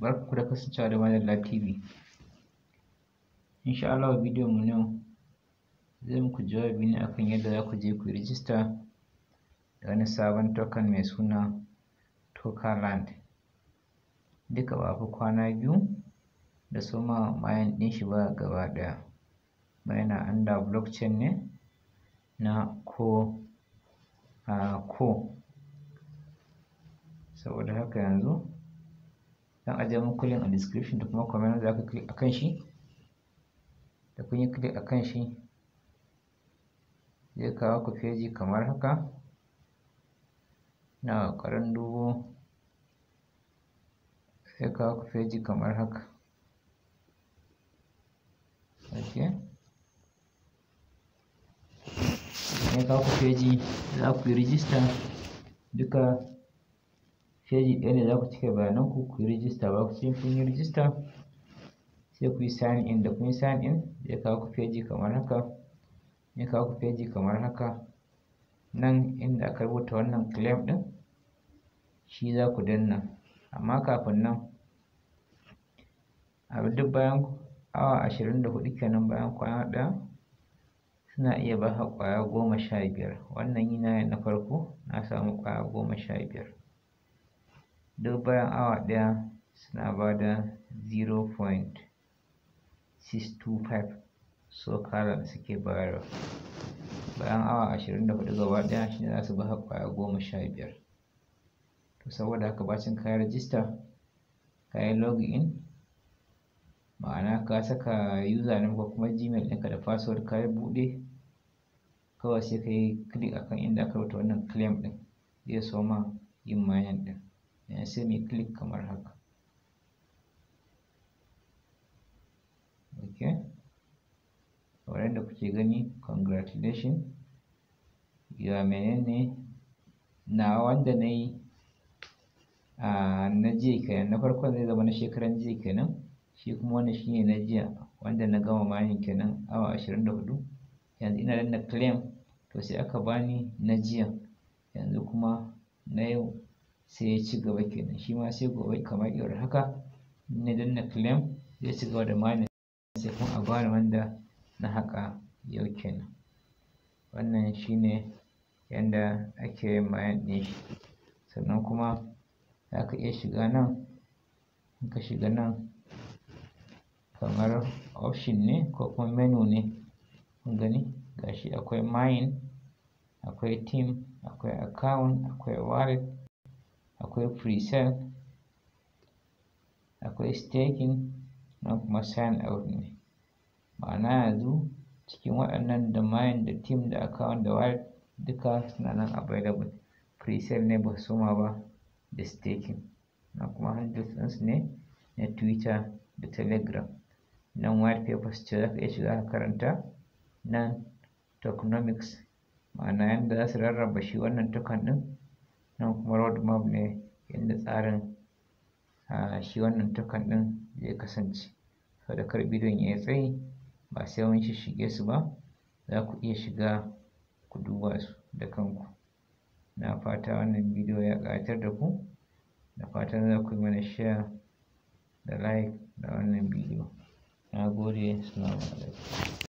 barku da kasancewa da Malam Lab TV insha Allah bidiyon mu yau zai muku jawabi ne akan yadda za ku je ku rijista da wani sabon token mai suna Tokaland duka ba fi kwana biyu da soma mayan ɗin shi ba gaba ɗaya bayana under blockchain ne na ko a ko saboda haka yanzu zan ajiye muku link a description da kuma comment da aka click akan shi da kun yi click akan shi zai kawo ku feji kamar haka na karan dubo zai kawo ku feji kamar haka okay ya kawo ku feji za ku yi rijista duka feji ɗaya ne za ku cika bayanan ku ku yi rijista ba ku cikin kun yi rijista sai ku yi sign in da kun yi sign in zai kawo ku feji kamar haka zai kawo ku feji kamar haka nan inda aka rubuta wannan claim ɗin shi za ku danna amma kafin nan a duk bayan awa ashirin da hudu kenan bayan kwana ɗaya suna iya ba ka ƙwaya goma sha biyar wannan yana na farko na samu kwaya goma sha biyar duk bayan awa ɗaya suna bada da 0.625 so da suke bayarwa bayan awa 24 gaba ɗaya shine za su baka kwaya goma sha biyar to saboda haka bacin ka rajista ka yi in ma'ana ka saka username ko kuma gmail ɗinka da password ka yi buɗe kawai sai ka yi click akan inda aka rubuta wannan claim ɗin zai so ma yin mayan ɗin Eh, sai mai click kamar haka ok kamar yadda kuke gani congratulation ya menene na wanda na yi na jiya kenan na farkon zai zama na shekaran jiya kenan shi kuma wannan shine na jiya wanda na gama mayin kenan awa 24 yanzu ina danna claim to sai aka bani na jiya yanzu kuma na yau sai ya ci gaba kenan shi ma sai gobe kamar irin haka na danna claim zai ci gaba da mining sai kuma a bani wanda na haka yau kenan wannan shine yanda ake yin mayan ɗin shi sannan kuma za ka iya shiga nan in ka shiga nan kamar option ne ko kuma menu ne kun gani gashi akwai mine akwai team akwai account akwai wallet akwai presale akwai staking na kuma sign out ne ma'ana yanzu cikin waɗannan da mayan da team da account da wallet duka suna nan available presale ne ba suma ba da staking na kuma handles ɗinsu ne na twitter da telegram nan white papers ce za ka iya shiga ka karanta nan tokenomics ma'ana yadda za su rarraba shi wannan token ɗin nan kuma road map ne inda tsarin shi wannan token ɗin zai kasance saboda kar bidiyon ya yi tsayi ba sai wani shige su ba za ku iya shiga ku duba su da kanku na fata wannan bidiyo ya ƙayatar da ku da fatan za ku yi mana share da like da wannan bidiyo na gode salamu alaikum